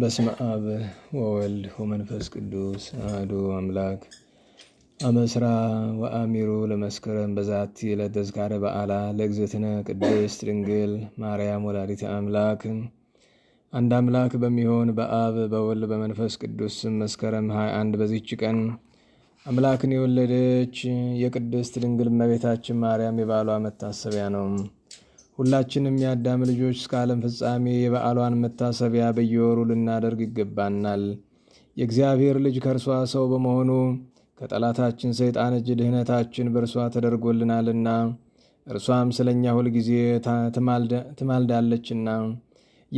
በስመ አብ ወወልድ ወመንፈስ ቅዱስ አሐዱ አምላክ አመስራ ወአሚሩ ለመስከረም በዛቲ ዕለት ተዝካረ በዓላ ለእግዝእትነ ቅድስት ድንግል ማርያም ወላዲተ አምላክ። አንድ አምላክ በሚሆን በአብ በወልድ በመንፈስ ቅዱስ መስከረም 21 በዚች ቀን አምላክን የወለደች የቅድስት ድንግል እመቤታችን ማርያም የባሏ መታሰቢያ ነው። ሁላችንም የአዳም ልጆች እስከ ዓለም ፍጻሜ የበዓሏን መታሰቢያ በየወሩ ልናደርግ ይገባናል። የእግዚአብሔር ልጅ ከእርሷ ሰው በመሆኑ ከጠላታችን ሰይጣን እጅ ድህነታችን በእርሷ ተደርጎልናልና እርሷም ስለ እኛ ሁልጊዜ ትማልዳለችና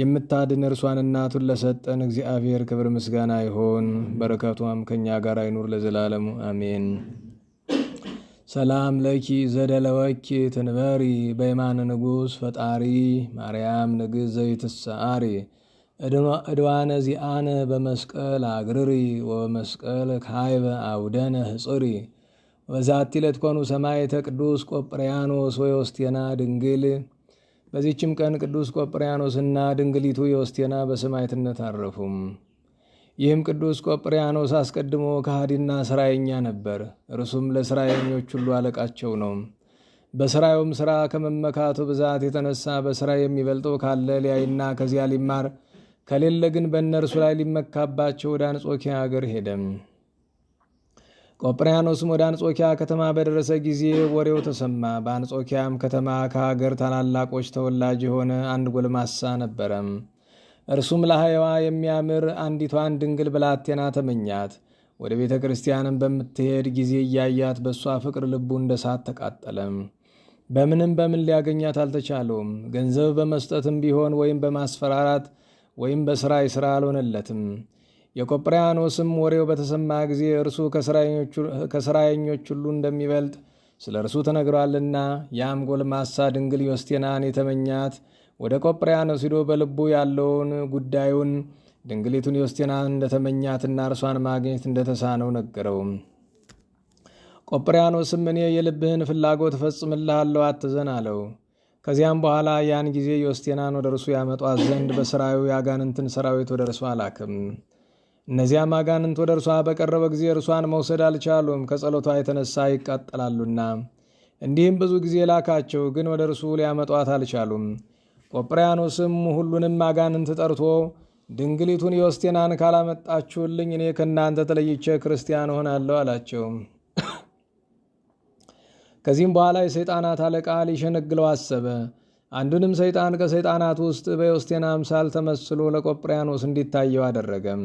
የምታድን እርሷን እናቱን ለሰጠን እግዚአብሔር ክብር ምስጋና ይሆን። በረከቷም ከእኛ ጋር አይኑር ለዘላለሙ አሜን። ሰላም ለኪ ዘደለወኪ ትንበሪ በይማን ንጉሥ ፈጣሪ ማርያም ንግሥት ዘይትሰአሪ እድዋነ ዚአነ በመስቀል አግርሪ ወበመስቀል ካይበ አውደነ ህጽሪ በዛቲ ዕለት ኮኑ ሰማዕተ ቅዱስ ቆጵርያኖስ ወዮስቴና ድንግል። በዚችም ቀን ቅዱስ ቆጵርያኖስና ድንግሊቱ ዮስቴና በሰማዕትነት አረፉም። ይህም ቅዱስ ቆጵርያኖስ አስቀድሞ ከሃዲና ስራየኛ ነበር። እርሱም ለስራየኞች ሁሉ አለቃቸው ነው። በስራዩም ስራ ከመመካቱ ብዛት የተነሳ በስራ የሚበልጠው ካለ ሊያይና ከዚያ ሊማር ከሌለ ግን በእነርሱ ላይ ሊመካባቸው ወደ አንጾኪያ አገር ሄደም። ቆጵርያኖስም ወደ አንጾኪያ ከተማ በደረሰ ጊዜ ወሬው ተሰማ። በአንጾኪያም ከተማ ከሀገር ታላላቆች ተወላጅ የሆነ አንድ ጎልማሳ ነበረም። እርሱም ለሐይዋ የሚያምር አንዲቷን ድንግል ብላቴና ተመኛት። ወደ ቤተ ክርስቲያንም በምትሄድ ጊዜ እያያት በእሷ ፍቅር ልቡ እንደ ሳት ተቃጠለም። በምንም በምን ሊያገኛት አልተቻለውም። ገንዘብ በመስጠትም ቢሆን ወይም በማስፈራራት ወይም በሥራ ይሥራ አልሆነለትም። የቆጵሪያኖስም ወሬው በተሰማ ጊዜ እርሱ ከሥራየኞች ሁሉ እንደሚበልጥ ስለ እርሱ ተነግሯልና፣ ያም ጎልማሳ ድንግል ዮስቴናን የተመኛት ወደ ቆጵሪያኖስ ሂዶ በልቡ ያለውን ጉዳዩን ድንግሊቱን ዮስቴና እንደተመኛትና እርሷን ማግኘት እንደተሳነው ነገረው። ቆጵሪያኖስም እኔ የልብህን ፍላጎት እፈጽምልሃለሁ፣ አትዘን አለው። ከዚያም በኋላ ያን ጊዜ ዮስቴናን ወደ እርሱ ያመጧት ዘንድ በስራዩ የአጋንንትን ሰራዊት ወደ እርሷ አላክም። እነዚያም አጋንንት ወደ እርሷ በቀረበ ጊዜ እርሷን መውሰድ አልቻሉም፣ ከጸሎቷ የተነሳ ይቃጠላሉና። እንዲህም ብዙ ጊዜ ላካቸው፣ ግን ወደ እርሱ ሊያመጧት አልቻሉም። ቆጵርያኖስም ሁሉንም አጋንንት ጠርቶ ድንግሊቱን ዮስቴናን ካላመጣችሁልኝ እኔ ከእናንተ ተለይቼ ክርስቲያን እሆናለሁ አላቸው። ከዚህም በኋላ የሰይጣናት አለቃ ሊሸነግለው አሰበ። አንዱንም ሰይጣን ከሰይጣናት ውስጥ በዮስቴና አምሳል ተመስሎ ለቆጵርያኖስ እንዲታየው አደረገም።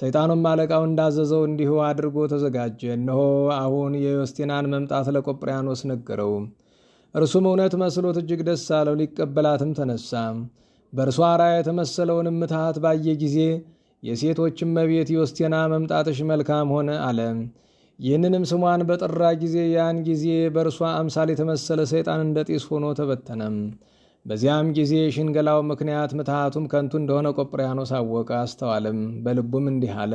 ሰይጣኑም አለቃው እንዳዘዘው እንዲሁ አድርጎ ተዘጋጀ። እነሆ አሁን የዮስቴናን መምጣት ለቆጵርያኖስ ነገረው። እርሱም እውነት መስሎት እጅግ ደስ አለው። ሊቀበላትም ተነሳ። በእርሷ ራያ የተመሰለውን ምትሃት ባየ ጊዜ የሴቶች መቤት ዮስቴና መምጣትሽ መልካም ሆነ አለ። ይህንንም ስሟን በጠራ ጊዜ ያን ጊዜ በእርሷ አምሳል የተመሰለ ሰይጣን እንደ ጢስ ሆኖ ተበተነም። በዚያም ጊዜ የሽንገላው ምክንያት ምትሃቱም ከንቱ እንደሆነ ቆጵርያኖስ አወቀ አስተዋለም። በልቡም እንዲህ አለ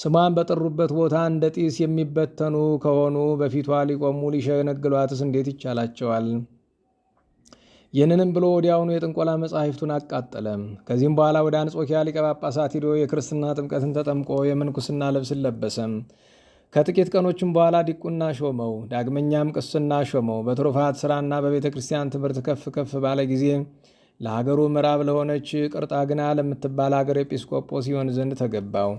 ስሟን በጠሩበት ቦታ እንደ ጢስ የሚበተኑ ከሆኑ በፊቷ ሊቆሙ ሊሸነግሏትስ እንዴት ይቻላቸዋል? ይህንንም ብሎ ወዲያውኑ የጥንቆላ መጻሕፍቱን አቃጠለ። ከዚህም በኋላ ወደ አንጾኪያ ሊቀ ጳጳሳት ሂዶ የክርስትና ጥምቀትን ተጠምቆ የምንኩስና ልብስን ለበሰ። ከጥቂት ቀኖችም በኋላ ዲቁና ሾመው። ዳግመኛም ቅስና ሾመው። በትሩፋት ሥራና በቤተ ክርስቲያን ትምህርት ከፍ ከፍ ባለ ጊዜ ለሀገሩ ምዕራብ ለሆነች ቅርጣግና ለምትባል አገር ኤጲስቆጶስ ይሆን ዘንድ ተገባው።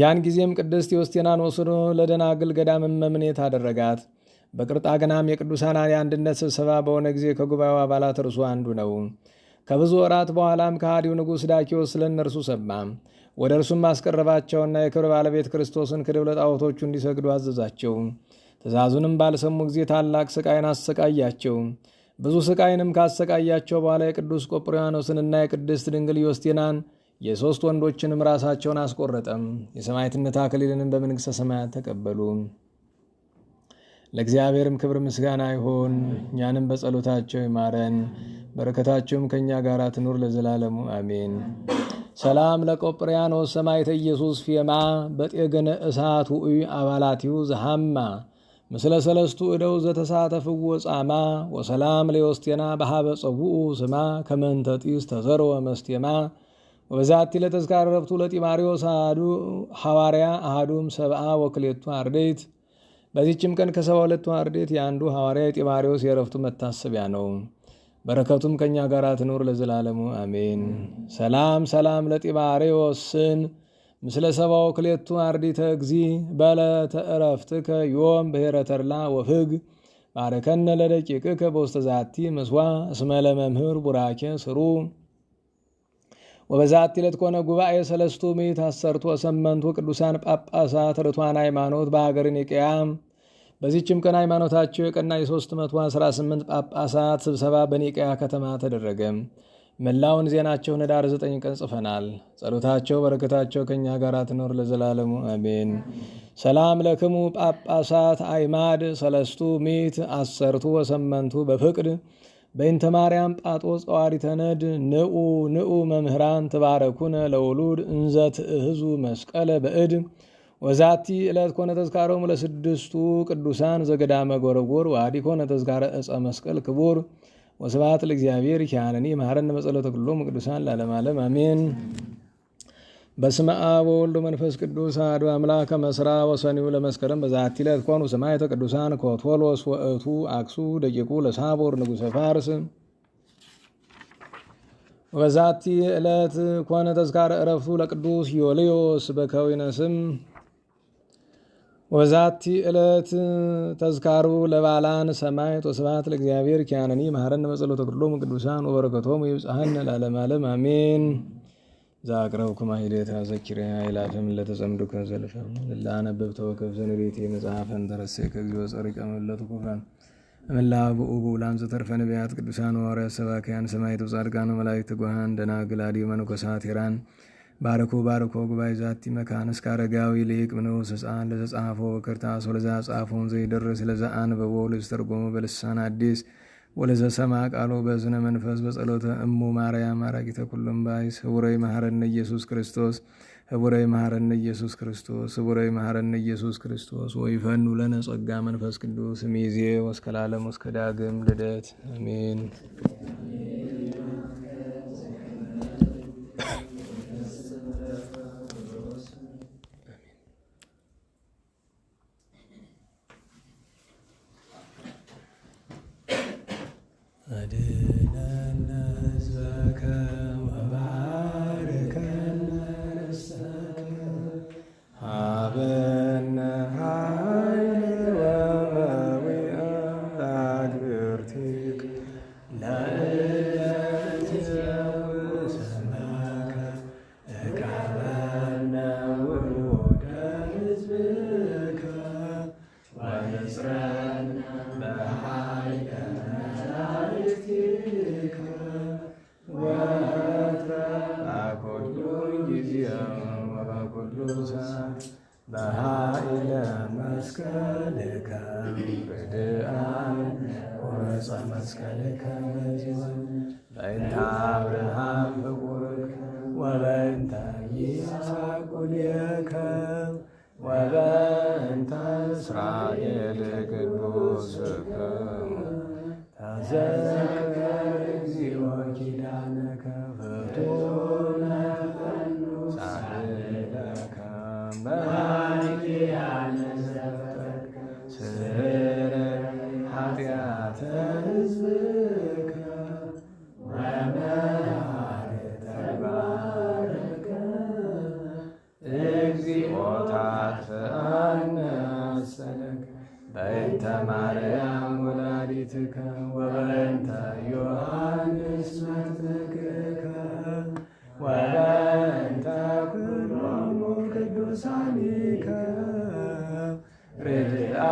ያን ጊዜም ቅድስት ቴዎስቴናን ወስዶ ለደናግል ገዳም መምኔት አደረጋት። በቅርጣ ገናም የቅዱሳን የአንድነት ስብሰባ በሆነ ጊዜ ከጉባኤው አባላት እርሱ አንዱ ነው። ከብዙ ወራት በኋላም ከሃዲው ንጉሥ ዳኪዎስ ስለ እነርሱ ሰማ። ወደ እርሱም አስቀረባቸውና የክብር ባለቤት ክርስቶስን ክድብ ለጣዖቶቹ እንዲሰግዱ አዘዛቸው። ትእዛዙንም ባልሰሙ ጊዜ ታላቅ ስቃይን አሰቃያቸው። ብዙ ስቃይንም ካሰቃያቸው በኋላ የቅዱስ ቆጵርያኖስንና የቅድስት ድንግል ዮስቴናን የሦስት ወንዶችንም ራሳቸውን አስቆረጠም። የሰማዕትነት አክሊልንም በመንግሥተ ሰማያት ተቀበሉ። ለእግዚአብሔርም ክብር ምስጋና ይሁን። እኛንም በጸሎታቸው ይማረን፣ በረከታቸውም ከእኛ ጋር ትኑር ለዘላለሙ አሜን። ሰላም ለቆጵርያኖስ ሰማይተ ኢየሱስ ፌማ በጤገነ እሳት ውዑይ አባላትዩ ዘሃማ ምስለ ሰለስቱ እደው ዘተሳተፍዎ ጻማ ወሰላም ለዮስቴና በሃበ ጸውኡ ስማ ከመንተጢስ ተዘርወ መስቴማ ወበዛቲ ለተዝካረ ረብቱ ለጢባሪዎስ አህዱ ሐዋርያ አህዱም ሰብአ ወክሌቱ አርዴት። በዚችም ቀን ከሰባ ሁለቱ አርዴት የአንዱ ሐዋርያ የጢማሪዎስ የረፍቱ መታሰቢያ ነው። በረከቱም ከእኛ ጋር ትኑር ለዘላለሙ አሜን። ሰላም ሰላም ለጢማሪዎስን ምስለ ሰባ ወክሌቱ አርዲተ እግዚ በለተ ዕረፍትከ ዮም ብሔረ ተድላ ወፍግ ባረከነ ለደቂቅከ በውስተ ዛቲ ምስዋ እስመ ለመምህር ቡራኬ ስሩ ወበዛት ዕለት ኮነ ጉባኤ ሰለስቱ ምዕት አሰርቱ ወሰመንቱ ቅዱሳን ጳጳሳት ርቱዓን ሃይማኖት በሀገር ኒቅያ። በዚችም ቀን ሃይማኖታቸው የቀና የ318 ጳጳሳት ስብሰባ በኒቅያ ከተማ ተደረገ። መላውን ዜናቸውን ኅዳር 9 ቀን ጽፈናል። ጸሎታቸው በረከታቸው ከእኛ ጋር ትኖር ለዘላለሙ አሜን። ሰላም ለክሙ ጳጳሳት አይማድ ሰለስቱ ምዕት አሰርቱ ወሰመንቱ በፍቅድ በእንተ ማርያም ጳጦስ ጸዋሪተ ነድ ንኡ ንዑ መምህራን ትባረኩነ ለውሉድ እንዘ ትእህዙ መስቀለ በእድ ወዛቲ ዕለት ኮነ ተዝካሮሙ ለስድስቱ ቅዱሳን ዘገዳመ ጎረጎር ዋዲ ኮነ ተዝካረ ዕፀ መስቀል ክቡር ወስብሐት ለእግዚአብሔር። ይትሐነኒ መሐረነ በጸሎተ ኩሎሙ ቅዱሳን ላለማለም አሜን። በስመ አብ ወወልድ መንፈስ ቅዱስ አሐዱ አምላክ መስራ ወሰኒው ለመስከረም በዛቲ ዕለት ኮኑ ሰማዕተ ቅዱሳን ኮቶሎስ ወእቱ አክሱ ደቂቁ ለሳቦር ንጉሠ ፋርስ። በዛቲ ዕለት ኮነ ተዝካረ ዕረፍቱ ለቅዱስ ዮልዮስ በከዊነ ስም። ወበዛቲ ዕለት ተዝካሩ ለባላን ሰማዕት። ወስብሐት ለእግዚአብሔር ኪያነኒ መሐረነ በጸሎተ ኩሎሙ ቅዱሳን ወበረከቶሙ ይብጽሐነ ለዓለመ ዓለም አሜን። ዘአቅረብኩማ ሂደት አዘኪረ ይላፍም ለተጸምዱ ከዘልፈም ለአነበብ ተወከብ ዘንቤት መጽሐፈን ተረሴ ከጊዜ ጸሪቀ መለቱ ኩፋን መላ ብኡ ዘተርፈ ነቢያት ቅዱሳን ሐዋርያት ሰባካያን ሰማዕታት ጻድቃን መላእክት ትጉሃን ደናግል አድኅ መነኮሳት ሄራን ባርኮ ባርኮ ጉባኤ ዛቲ መካን እስከ አረጋዊ ሊቅ ምንውስ ሕፃን ለዘጻፎ በክርታስ ወለዛ ጻፎን ዘይደረስ ለዛ አንበቦ ልዝተርጎሞ በልሳን አዲስ ወለዘሰማ ቃሉ በዝነ መንፈስ በጸሎተ እሙ ማርያም አራቂተ ኩሉም ባይ ስቡረይ መሐረነ ኢየሱስ ክርስቶስ ህቡረይ መሐረነ ኢየሱስ ክርስቶስ ህቡረይ መሐረነ ኢየሱስ ክርስቶስ ወይፈኑ ለነ ጸጋ መንፈስ ቅዱስ ሚዜ ወስከላለም ወስከዳግም ልደት አሜን። በኃይለ መስቀልከ ብድአን ወረጸ መስቀልከ መዚወን በእንተ አብርሃም ፍቁርከ ወበእንተ ይስሐቅ ኩልየከ ወበእንተ እስራኤል Joseph, Joseph.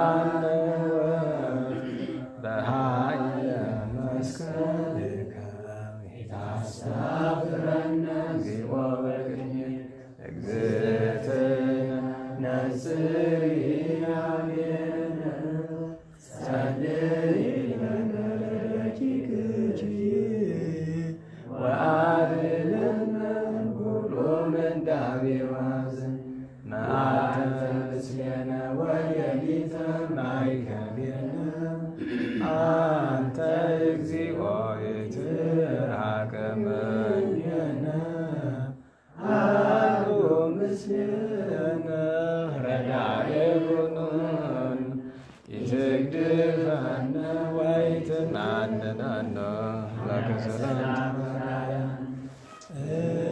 አለ በኃይለ መስቀልከ ታሳፍረነ ዚወ በቅድሜ እግዝእትነ ነጽርነ ጸልይ Yeah. वंदना लाग सलाम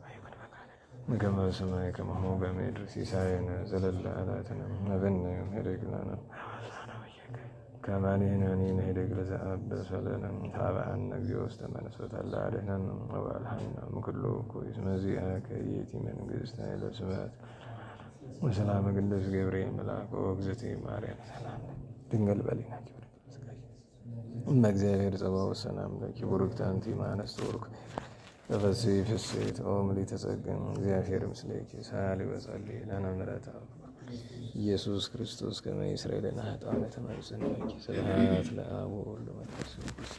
ገመ በሰማይ ከመሆ በምድር ሲሳየነ ዘለለ አላትነ መበነ ሄደግናነ ከማኔናኒ ነሄደግ ለዘአብ በሰለነ ታብአነ እግዚኦ ውስተ መንሶት አላ አድህነን ወባልሐነ ምክሎ ኩይ መዚአ ከየቲ መንግስት ኃይለ ስብሐት ወሰላም ቅዱስ ገብርኤል መልአክ ወእግዝእቲ ማርያም ሰላም ድንግል በሊና እመ እግዚአብሔር ጸባኦት ሰላም ለኪ ቡርክት አንቲ እምአንስት ቡሩክ ተፈሲ ፍሴት ኦም ሊተጸግም እግዚአብሔር ምስሌኪ ሳል ይበጻል ለነ ምረት ኢየሱስ ክርስቶስ ከመ ይስረይ ለነ ኃጣነ ተመጽናኪ ስብሐት ለአብ ወወልድ ወመንፈስ ቅዱስ